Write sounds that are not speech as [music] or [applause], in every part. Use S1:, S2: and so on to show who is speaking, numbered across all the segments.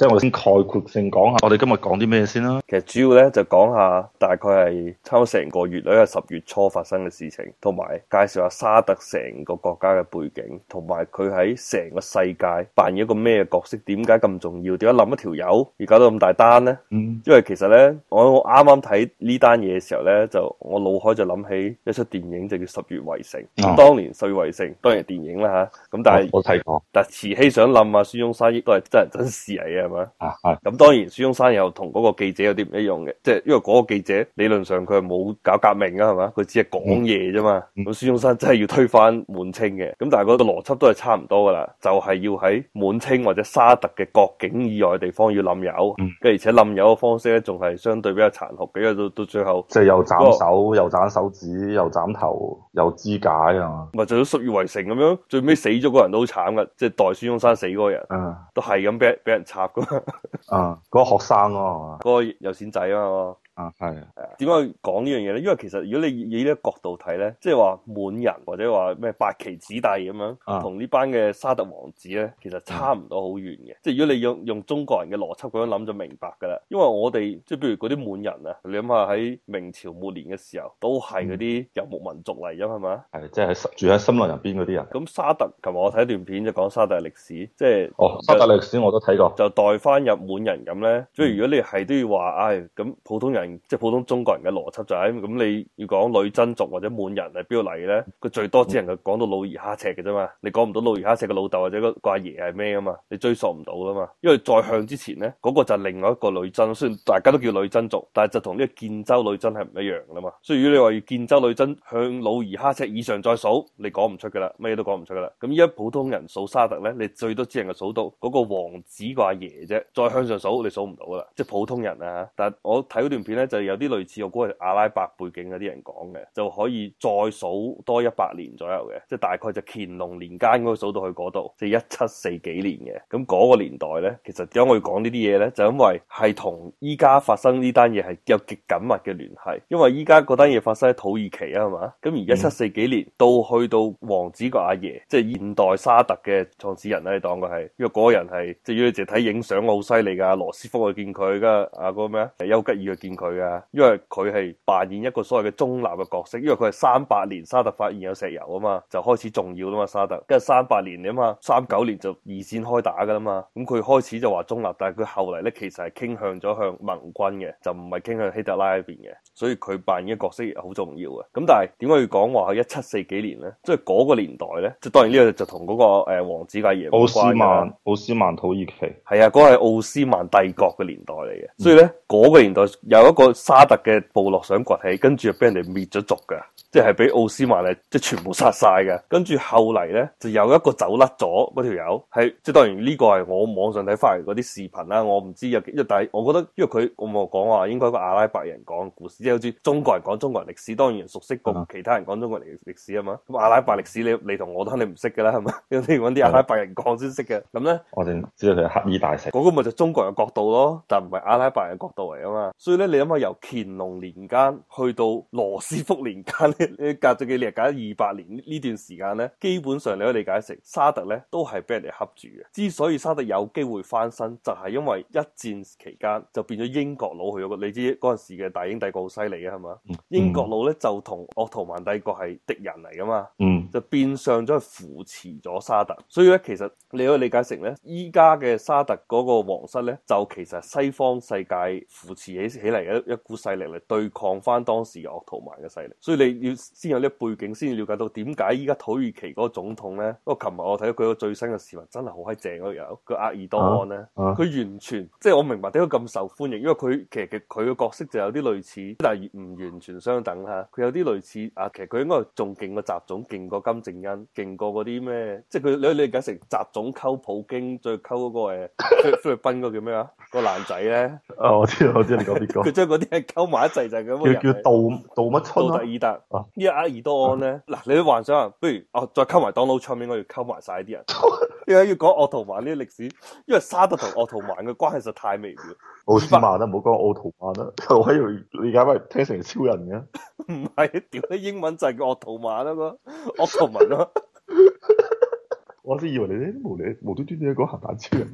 S1: 即係我先概括性講下，我哋今日講啲咩先啦？其實主要咧就講下，大概係差唔多成個月咧，十月初發生嘅事情，同埋介紹下沙特成個國家嘅背景，同埋佢喺成個世界扮演一個咩角色，點解咁重要？點解冧一條友而搞到咁大單呢？嗯、因為其實咧，我我啱啱睇呢單嘢嘅時候咧，就我腦海就諗起一齣電影就叫《十月圍城》。嗯、當年《十月圍城》，當然電影啦吓。咁但係我睇過，但係慈禧想冧啊，孫中山亦都係真人真事嚟啊。係咁、啊啊、當然孫中山又同嗰個記者有啲唔一樣嘅，即係因為嗰個記者理論上佢係冇搞革命嘅，係嘛？佢只係講嘢啫嘛。咁、嗯、孫中山真係要推翻滿清嘅，咁但係嗰個邏輯都係差唔多噶啦，就係、是、要喺滿清或者沙特嘅國境以外嘅地方要冧油，跟住、嗯、而且冧油嘅方式咧仲係相對比較殘酷嘅，因為到到最後即係我又斬手、又斬手指、又斬頭、又肢解啊，咪就咁屬於為城咁樣，最尾死咗個人都好慘嘅，即係代孫中山死嗰個人，嗯、都係咁俾俾人插。啊！嗰個學生啊，嗰個有錢仔啊！啊係，點解講呢樣嘢咧？因為其實如果你以呢個角度睇咧，即係話滿人或者話咩八旗子弟咁樣，同呢、啊、班嘅沙特王子咧，其實差唔多好遠嘅。啊、即係如果你用用中國人嘅邏輯咁樣諗就明白噶啦。因為我哋即係譬如嗰啲滿人啊，你諗下喺明朝末年嘅時候，都係嗰啲游牧民族嚟，啫係嘛？係吧即係喺住喺森林入邊嗰啲人。咁沙特，琴日我睇段片就講沙特歷史，即係哦，沙特歷史我都睇過。就代翻入滿人咁咧，即、嗯、係、嗯、如果你係都要話，唉、哎，咁普通人，人。即係普通中國人嘅邏輯就係、是、咁，你要講女真族或者滿人係邊個嚟咧，佢最多只能夠講到努爾哈赤嘅啫嘛，你講唔到努爾哈赤嘅老豆或者個阿爺係咩啊嘛，你追溯唔到啦嘛，因為再向之前咧，嗰、那個就係另外一個女真，雖然大家都叫女真族，但係就同呢個建州女真係唔一樣噶嘛。所以如果你話要建州女真向努爾哈赤以上再數，你講唔出噶啦，咩都講唔出噶啦。咁依家普通人數沙特咧，你最多只能夠數到嗰個王子個阿爺啫，再向上數你數唔到噶啦，即係普通人啊。但係我睇嗰段咧就有啲類似我估係阿拉伯背景嗰啲人講嘅，就可以再數多一百年左右嘅，即係大概就乾隆年間應該數到去嗰度，即係一七四幾年嘅。咁嗰個年代咧，其實點解我要講呢啲嘢咧？就因為係同依家發生呢單嘢係有極緊密嘅聯繫，因為依家嗰單嘢發生喺土耳其啊，係嘛？咁而一七四幾年到去到王子個阿爺，即係現代沙特嘅創始人咧，你當佢係，因為嗰個人係即係要你淨睇影相，好犀利㗎，羅斯福去見佢，跟住啊個咩啊，丘吉爾去見。佢啊，因為佢係扮演一個所謂嘅中立嘅角色，因為佢係三八年沙特發現有石油啊嘛，就開始重要啊嘛，沙特跟住三八年啊嘛，三九年就二戰開打噶啦嘛，咁、嗯、佢開始就話中立，但係佢後嚟咧其實係傾向咗向盟軍嘅，就唔係傾向希特拉呢邊嘅，所以佢扮演嘅角色好重要嘅。咁但係點解要講話一七四幾年咧？即係嗰個年代咧，即係當然呢個就同嗰個誒王子嘅嘢，奧斯曼、奧斯曼土耳其係啊，嗰個係奧斯曼帝國嘅年代嚟嘅，嗯、所以咧嗰、嗰個年代有。一個沙特嘅部落想崛起，跟住就俾人哋滅咗族噶，即係俾奧斯曼咧，即係全部殺晒噶。跟住後嚟咧，就有一個走甩咗嗰條友，係即係當然呢個係我網上睇翻嚟嗰啲視頻啦。我唔知有幾，但係我覺得因為佢我冇講話應該個阿拉伯人講故事，即好似中國人講中國人歷史，當然人熟悉過其他人講中國人歷史啊嘛。咁阿拉伯歷史你你同我都肯定唔識噶啦，係嘛？要 [laughs] 啲阿拉伯人講先識嘅。咁咧，我哋知道佢黑衣大食，嗰個咪就中國人嘅角度咯，但唔係阿拉伯人嘅角度嚟啊嘛。所以咧你。因為由乾隆年間去到羅斯福年間咧，隔咗幾年，隔咗二百年呢段時間咧，基本上你可以理解成沙特咧都係俾人哋恰住嘅。之所以沙特有機會翻身，就係、是、因為一戰期間就變咗英國佬去咗。你知嗰陣時嘅大英帝國好犀利嘅係嘛？嗯、英國佬咧就同鄂圖曼帝國係敵人嚟噶嘛？嗯，就變相咗扶持咗沙特。所以咧，其實你可以理解成咧，依家嘅沙特嗰個皇室咧，就其實西方世界扶持起起嚟一股勢力嚟對抗翻當時嘅鄂圖曼嘅勢力，所以你要先有呢背景先了解到點解依家土耳其嗰個總統咧，我琴日我睇到佢個最新嘅視頻，真係好閪正嗰個，佢埃爾多安咧，佢完全即係我明白點解咁受歡迎，因為佢其實嘅佢個角色就有啲類似，但係唔完全相等嚇。佢有啲類似啊，其實佢應該仲勁過習總，勁過金正恩，勁過嗰啲咩，即係佢你你理解成習總溝普京，再溝嗰個菲律賓嗰個叫咩啊？個男仔咧，啊，我知我知你講邊個？即嗰啲係溝埋一齊就咁，叫叫道導乜初爾達，依阿爾多安咧。嗱，你都幻想啊，不如哦再溝埋當老面，我要溝埋晒啲人。點解要講奧圖曼呢歷史？因為沙特同奧圖曼嘅關係實太微妙。奧圖曼都唔好講奧圖曼啦。我以為你解，家咪聽成超人嘅。唔係，屌啲英文就叫奧圖曼咯，奧圖曼咯。我先以為你啲冇理，無端端你講鹹蛋超人。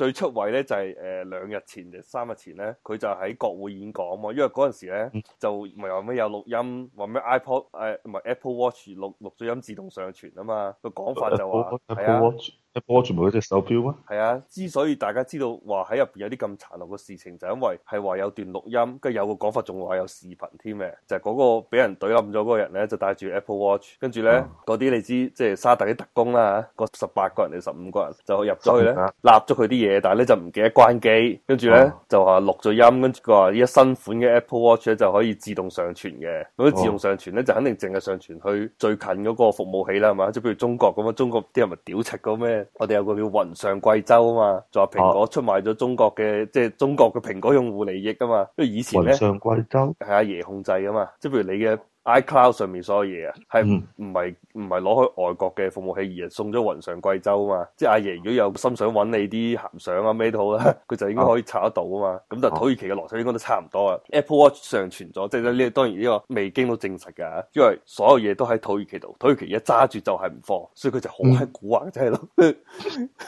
S1: 最出位咧就係、是、誒、呃、兩日前、三日前咧，佢就喺國會演講嘛，因為嗰陣時咧、mm hmm. 就唔係話咩有錄音，話咩 iPod 誒唔係 Apple Watch 錄錄咗音自動上傳啊嘛，個講法就話係 Apple, 啊。Apple Watch 唔係一隻手表咩？係啊，之所以大家知道話喺入邊有啲咁殘酷嘅事情，就是、因為係話有段錄音，跟住有個講法仲話有視頻添嘅，就係、是、嗰個俾人懟冧咗嗰個人咧，就戴住 Apple Watch，跟住咧嗰啲你知即係沙特啲特工啦嗰十八個人定十五個人就入咗去咧，立咗佢啲嘢，但係咧就唔記得關機，跟住咧就話錄咗音，跟住佢話依家新款嘅 Apple Watch 咧就可以自動上傳嘅，咁自動上傳咧、啊、就肯定淨係上傳去最近嗰個服務器啦，係嘛？即係比如中國咁啊，中國啲人咪屌柒個咩？我哋有個叫雲上貴州啊嘛，就話、是、蘋果出賣咗中國嘅，即係中國嘅蘋果用戶利益啊嘛，因為以前咧雲上貴州係阿爺控制啊嘛，即係譬如你嘅 iCloud 上面所有嘢啊，係唔唔係唔係攞去外國嘅服務器，而係送咗雲上貴州啊嘛，即係阿爺如果有心想揾你啲鹹相啊咩都好啦，佢就應該可以查得到啊嘛，咁就土耳其嘅邏輯應該都差唔多啊。Apple Watch 上傳咗，即係呢，當然呢個未經過證實噶，因為所有嘢都喺土耳其度，土耳其一揸住就係唔放，所以佢就好係蠱惑，真係咯。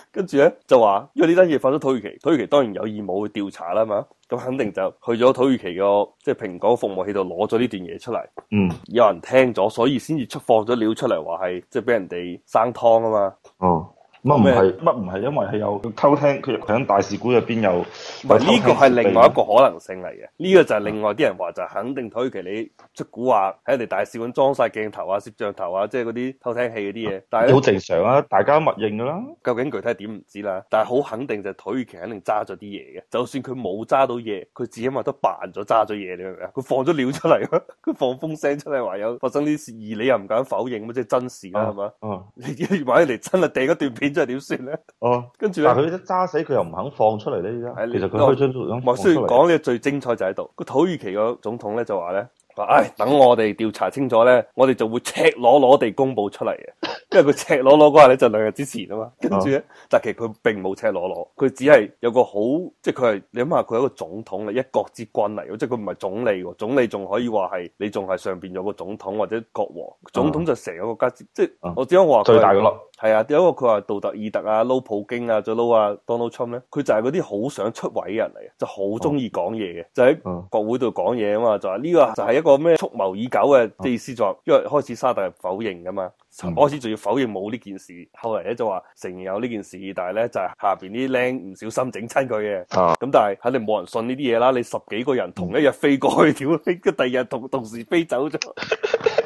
S1: [laughs] 跟住咧就話，因為呢單嘢發咗土耳其，土耳其當然有義務去調查啦嘛。咁肯定就去咗土耳其個即係蘋果服務器度攞咗呢段嘢出嚟，嗯，有人聽咗，所以先至出放咗料出嚟，話係即係俾人哋生劏啊嘛，哦。乜唔係乜唔係，因為係有偷聽佢喺大使館入邊有，呢個係另外一個可能性嚟嘅。呢、這個就係另外啲人話就肯定土耳其。你出古話喺人哋大使館裝晒鏡頭啊、攝像頭啊，即係嗰啲偷聽器嗰啲嘢。但係好、啊、正常啊，大家默認噶啦。究竟具體係點唔知啦，但係好肯定就土耳其肯定揸咗啲嘢嘅。就算佢冇揸到嘢，佢自己咪都扮咗揸咗嘢，你明唔明啊？佢放咗料出嚟，佢 [laughs] 放風聲出嚟話有發生啲事，而你又唔敢否認，咁即係真事啦，係嘛、啊？你一萬一嚟真係掟一段片。即係點算咧？呢哦，跟住着但佢一揸死佢又唔肯放出嚟咧。的其實佢可以將佢講呢，最精彩就喺度。個土耳其個總統咧就話咧：，話唉、哎，等我哋調查清楚咧，我哋就會赤裸裸地公布出嚟嘅。 [laughs] 因為佢赤裸裸嗰下咧就兩日之前啊嘛。跟住咧，嗯、但其實佢並冇赤裸裸，佢只係有個好，即係佢係你諗下，佢係一個總統嚟，一國之君嚟，即係佢唔係總理。總理仲可以話係你，仲係上邊有個總統或者國王。總統就成個國家、嗯、即係我只可以話最大嘅咯。係啊，有一個佢話杜特爾特啊，撈普京啊，再撈啊 Donald Trump 咧，佢就係嗰啲好想出位嘅人嚟，就好中意講嘢嘅，哦、就喺國會度講嘢啊嘛，就話呢個就係一個咩蓄謀已久嘅意思，就、哦、因為開始沙特否認噶嘛，嗯、開始仲要否認冇呢件事，後嚟咧就話承認有呢件事，但係咧就係、是、下邊啲靚唔小心整親佢嘅，咁、哦、但係肯定冇人信呢啲嘢啦，你十幾個人同一日飛過去，屌，跟第二日同同時飛走咗，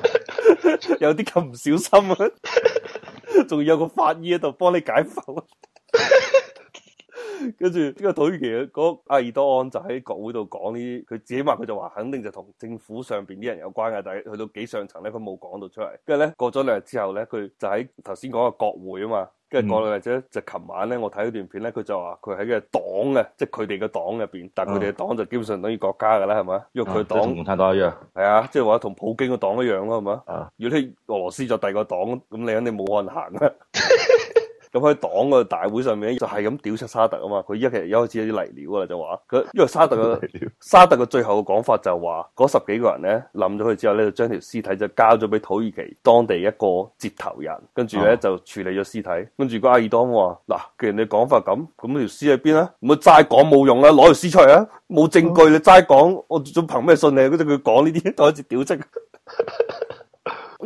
S1: [laughs] 有啲咁唔小心啊！ [laughs] 仲要有個法醫喺度幫你解剖， [laughs] [laughs] 跟住呢個土耳其嗰阿爾多安就喺國會度講呢啲，佢自己話佢就話肯定就同政府上邊啲人有關嘅，但係去到幾上層咧，佢冇講到出嚟。跟住咧過咗兩日之後咧，佢就喺頭先講個國會啊嘛。跟住，或者就琴晚咧，我睇段片咧，佢就話佢喺個黨嘅，即係佢哋嘅黨入邊，但係佢哋嘅黨就基本上等於國家噶啦，係咪？因為佢黨，同共產黨一樣，係啊，即係話同普京嘅黨一樣咯，係嘛？如果你俄羅斯就第二個黨，咁你肯定冇可能行啦。 [laughs] 咁喺黨嘅大會上面就係咁屌出沙特啊嘛，佢一其實一開始有啲泥料噶啦就話，佢因為沙特嘅料沙特嘅最後嘅講法就話、是、嗰十幾個人咧，冧咗佢之後咧，就將條屍體就交咗俾土耳其當地一個接頭人，跟住咧就處理咗屍體，跟住個阿爾當話，嗱，既然你講法咁，咁條屍喺邊啊？唔好齋講冇用啦，攞條屍出嚟啊！冇證據你齋講，我仲憑咩信你？嗰啲佢講呢啲都係一啲屌出。 [laughs]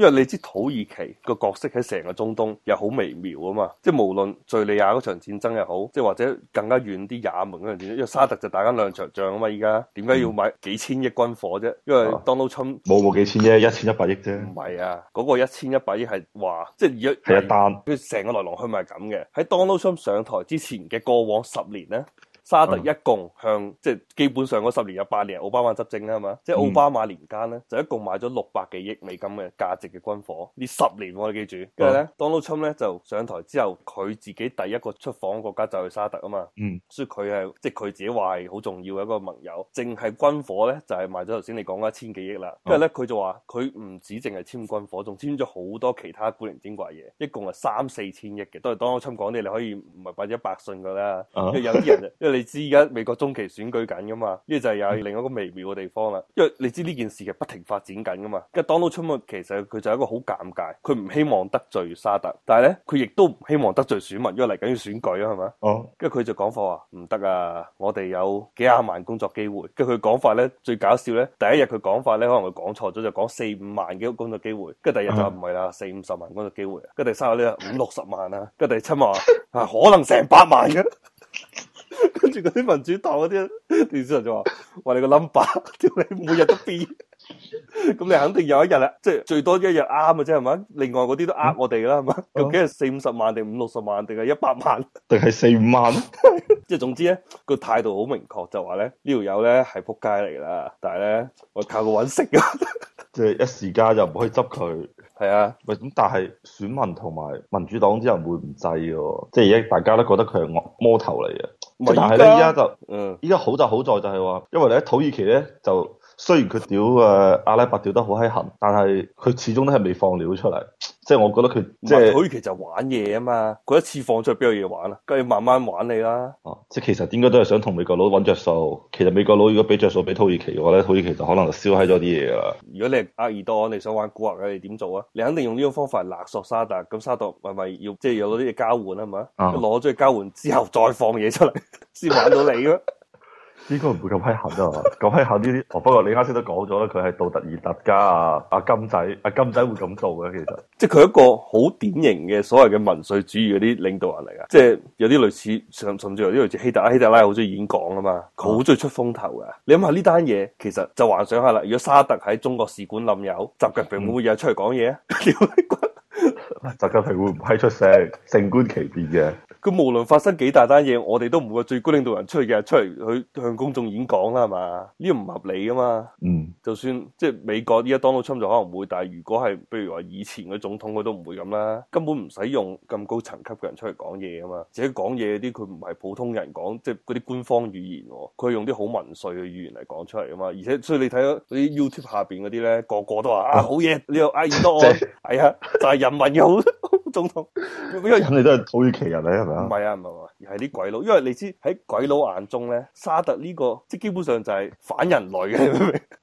S1: 因為你知土耳其個角色喺成個中東又好微妙啊嘛，即係無論敘利亞嗰場戰爭又好，即係或者更加遠啲也門嗰場戰爭，因為沙特就打緊兩場仗啊嘛，依家點解要買幾千億軍火啫？因為 Donald Trump 冇冇、啊、幾千億啫，一千一百億啫。唔係啊，嗰、嗰個一千一百億係話，即係而家係一單，跟住成個來龍去脈係咁嘅。喺 Donald Trump 上台之前嘅過往十年咧。沙特一共向，即係基本上嗰十年有八年，係奧巴馬執政啊嘛？即係奧巴馬年間咧，就一共賣咗六百幾億美金嘅價值嘅軍火，呢十年我、啊、哋記住。跟住咧，Donald Trump 咧就上台之後，佢自己第一個出訪嘅國家就去沙特啊嘛。嗯，所以佢係即係佢自己話係好重要嘅一個盟友。淨係軍火咧就係、是、賣咗頭先你講一千幾億啦。因為咧佢、嗯、就話佢唔止淨係簽軍火，仲簽咗好多其他古靈精怪嘢，一共係三四千億嘅。都係 Donald Trump 講啲你可以唔係百分之百信㗎啦，因為有啲人因為你。你知而家美國中期選舉緊噶嘛？呢就係有另一個微妙嘅地方啦。因為你知呢件事嘅不停發展緊噶嘛。跟住 Donald Trump 其實佢就係一個好尷尬，佢唔希望得罪沙特，但係咧佢亦都唔希望得罪選民，因為嚟緊要選舉啊，係咪？哦。跟住佢就講法話唔得啊！我哋有幾廿萬工作機會。跟住佢講法咧最搞笑咧，第一日佢講法咧可能佢講錯咗，就講四五萬幾個工作機會。跟住第二日就唔係啦，四五十萬工作機會。跟住第，第、嗯、第三日咧五六十萬啊。跟住第七日啊，可能成百萬嘅。住嗰啲民主黨嗰啲，啲人就話：話你個 number，叫你每日都變，咁 [laughs] 你肯定有一日啦，即係最多一日啱嘅啫，係咪？另外嗰啲都呃我哋啦，係嘛？嗯、究竟係四五十萬定五六十萬定係一百萬，定係四五萬？即係 [laughs] 總之咧，個態度好明確，就話咧呢條友咧係扑街嚟啦，但係咧我靠佢搵食嘅，即 [laughs] 係一時間又唔可以執佢。係啊，喂，咁但係選民同埋民主黨啲人會唔制嘅？即係而家大家都覺得佢係惡魔頭嚟嘅。但係咧，依家就，嗯，依家好就好在就係話，因為咧，土耳其呢就。雖然佢屌誒阿拉伯屌得好閪痕，但係佢始終都係未放料出嚟，即係我覺得佢土耳其就玩嘢啊嘛。佢一次放出去邊有嘢玩啊？梗係慢慢玩你啦。哦、啊，即係其實點解都係想同美國佬揾着數。其實美國佬如果俾着數俾土耳其嘅話咧，土耳其就可能燒閪咗啲嘢㗎啦。如果你係厄爾多安，你想玩古惑嘅，你點做啊？你肯定用呢個方法勒索沙特。咁沙特係咪要即係有嗰啲嘢交換啊？係咪攞咗去交換之後再放嘢出嚟先 [laughs] 玩到你咯。 [laughs] 應該唔會咁危險啊！咁危險呢啲，不過你啱先都講咗啦，佢係杜特爾特加啊，阿金仔，阿金仔會咁做嘅。其實即係佢一個好典型嘅所謂嘅民粹主義嗰啲領導人嚟噶，即係有啲類似，甚甚至有啲類似希特拉，希特拉，好中意演講啊嘛，佢好中意出風頭噶。嗯、你諗下呢單嘢，其實就幻想下啦，如果沙特喺中國使館冧有，習近平會唔會又出嚟講嘢啊？習、嗯、 [laughs] 近平會唔會出聲？靜觀其變嘅。佢無論發生幾大單嘢，我哋都唔會最高領導人出嚟嘅，出嚟去向公眾演講啦，係嘛？呢個唔合理啊嘛。嗯，就算即係美國依家 Donald Trump 就可能會，但係如果係譬如話以前嘅總統，佢都唔會咁啦。根本唔使用咁高層級嘅人出嚟講嘢啊嘛。而且講嘢啲佢唔係普通人講，即係嗰啲官方語言喎、哦，佢用啲好文緒嘅語言嚟講出嚟啊嘛。而且所以你睇到嗰啲 YouTube 下邊嗰啲咧，個個都話啊好嘢，呢個埃爾多安，係啊， [laughs] 哎、就係、是、人民又好。 [laughs] 總統，因為人哋都係土耳其人嚟，係咪啊？唔係啊，唔係，而係啲鬼佬，因為你知喺鬼佬眼中咧，沙特呢個即係基本上就係反人類嘅。